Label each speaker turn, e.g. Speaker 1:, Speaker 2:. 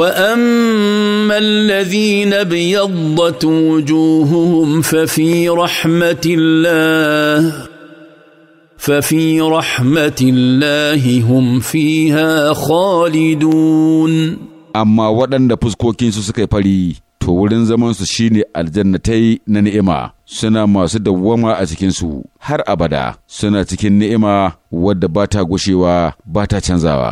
Speaker 1: واما الذين ابيضت وجوههم ففي رحمه الله ففي رحمه الله هم فيها خالدون
Speaker 2: amma waɗanda fuskokinsu suka yi fari to wurin zamansu shine aljannatai na ni'ima suna masu dawwama a cikinsu har abada suna cikin ni'ima wadda ba ta gushewa ba ta canzawa